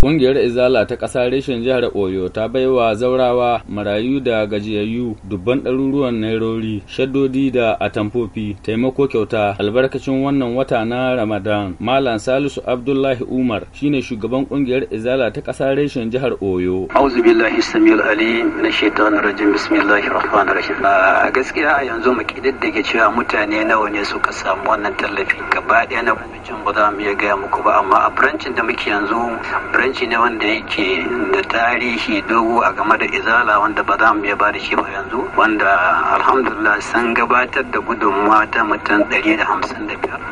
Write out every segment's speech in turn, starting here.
Ƙungiyar Izala ta ƙasa reshen jihar Oyo ta baiwa zaurawa marayu da gajiyayyu dubban ɗaruruwan nairori, shaddodi da atamfofi, taimako kyauta albarkacin wannan wata na Ramadan. Malam Salisu Abdullahi Umar shine shugaban ƙungiyar Izala ta ƙasa reshen jihar Oyo. Auzu billahi samil ali na shaitanir rajim bismillahi rahmanir rahim. A gaskiya a yanzu mu kididdige cewa mutane nawa ne suka samu wannan tallafi gaba ɗaya na bincin ba za mu iya gaya muku ba amma a firancin da muke yanzu bambanci ne wanda yake da tarihi dogo a game da izala wanda ba za mu iya bada shi ba yanzu wanda alhamdulillah sun gabatar da gudunmuwa ta mutum 155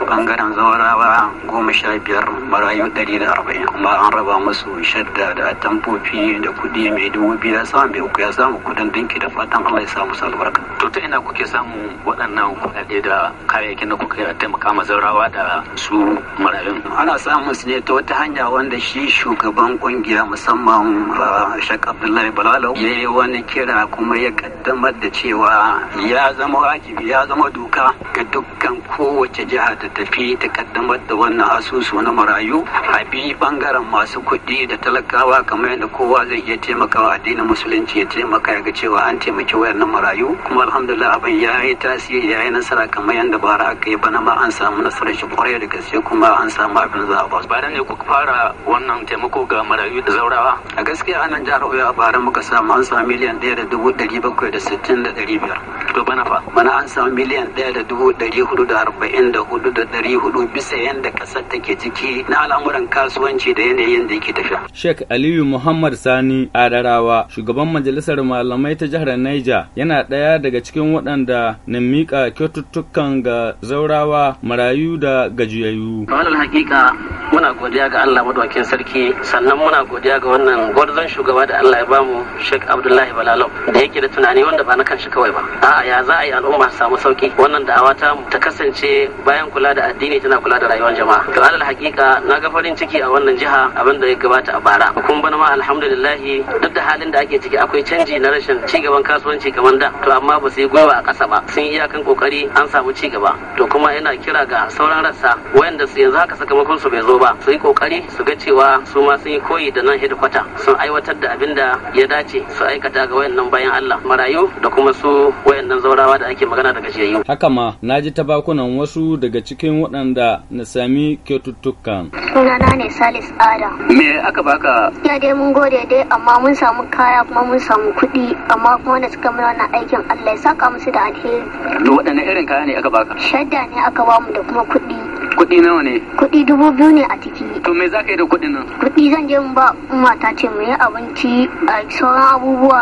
bangaren zaurawa goma sha biyar marayu 140 kuma an raba musu shadda da tamfofi da kudi mai dubu biyu ya samu bai uku ya samu kudin dinki da fatan Allah ya samu albarka to ta ina kuke samu waɗannan kuɗaɗe da kayayyakin da kuka taimaka ma zaurawa da su marayun ana samun su ne ta wata hanya wanda shi shugaba shugaban kungiya musamman ah, Shek Abdullahi Balalo ya yi wani kira kuma ya kaddamar da cewa ya zama wajibi ya zama doka ga dukkan kowace jiha ta tafi ta kaddamar da wannan asusu na marayu a bi bangaren masu kuɗi da talakawa kamar yadda kowa zai iya taimakawa addinin musulunci ya taimaka ga cewa an taimaki wayannan marayu kuma alhamdulillah abin ya yi tasiri ya yi nasara kamar yadda bara aka yi bana ma an samu nasarar shi kwarai da gaske kuma an samu abin za a ba. ne ku fara wannan taimako ko ga marayu da zaurawa a gaskiya anan jihar oyo a bara muka samu an samu miliyan ɗaya da dubu ɗari bakwai da sittin da ɗari biyar to bana fa mana an samu miliyan ɗaya da dubu ɗari hudu da arba'in da hudu da ɗari hudu bisa yadda ƙasar take ciki na al'amuran kasuwanci da yanayin da yake tafiya. Sheikh Aliyu Muhammad Sani Adarawa shugaban majalisar malamai ta jihar Niger yana ɗaya daga cikin waɗanda na miƙa kyaututtukan ga zaurawa marayu da gajiyayyu. Wannan hakika muna godiya ga Allah madawakin sarki sannan muna godiya ga wannan gwarzon shugaba da Allah ya bamu Sheikh Abdullahi Balalau da yake da tunani wanda ba na shi kawai ba a'a ya za a yi al'umma su samu sauki wannan da'awa ta ta kasance bayan kula da addini tana kula da rayuwar jama'a to alal hakika na ga farin ciki a wannan jiha abin da ya gabata a bara kun bana ma alhamdulillah duk da halin da ake ciki akwai canji na rashin ci gaban kasuwanci kamar da to amma ba su yi gwiwa a ƙasa ba sun yi iyakan kokari an samu ci gaba to kuma yana kira ga sauran rassa wayanda su yanzu haka sakamakon su bai zo ba su yi kokari su ga cewa su ma sun yi koyi da nan hedikwata sun aiwatar da abin da ya dace su aikata ga wayannan bayan Allah marayu da kuma su wayannan zaurawa da ake magana daga jiyayyu. Haka ma na ji tabakunan wasu daga cikin waɗanda na sami kyaututtukan. Sunana ne Salis Ada. Me aka baka? Ya dai mun gode dai amma mun samu kaya kuma mun samu kuɗi amma kuma wanda suka mana wannan aikin Allah ya saka musu da alheri. Waɗanne irin kaya ne aka baka? Shadda ne aka ba mu da kuma kuɗi. kuɗi nawa ne kuɗi dubu biyu ne a ciki to me za ka yi da kuɗin nan kuɗi zan je mu ba mata ce mu yi abinci a sauran abubuwa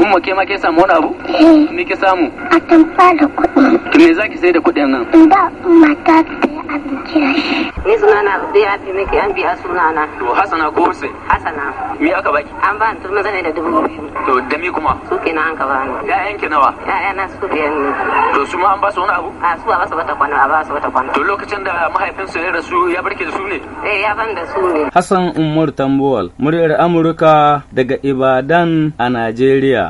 umma ke ma ke samu wani abu eh. me ke samu a fa da kuɗi Me za ki sai da kuɗin nan da umma ta yi abinci da shi ni suna na da ya fi miki an biya suna na to hasana ko hussein hasana me aka baki an ba ni turmi zane da dubu biyu to da me kuma su na an ka ba ni ya'yan ki nawa na su biyar ne to su ma an ba su wani abu a su ba su bata kwana ba su bata kwana to lokacin da mahaifinsu ya rasu ya barke da su ne eh ya ban da su ne hassan umar tambuwal muryar amurka daga ibadan a najeriya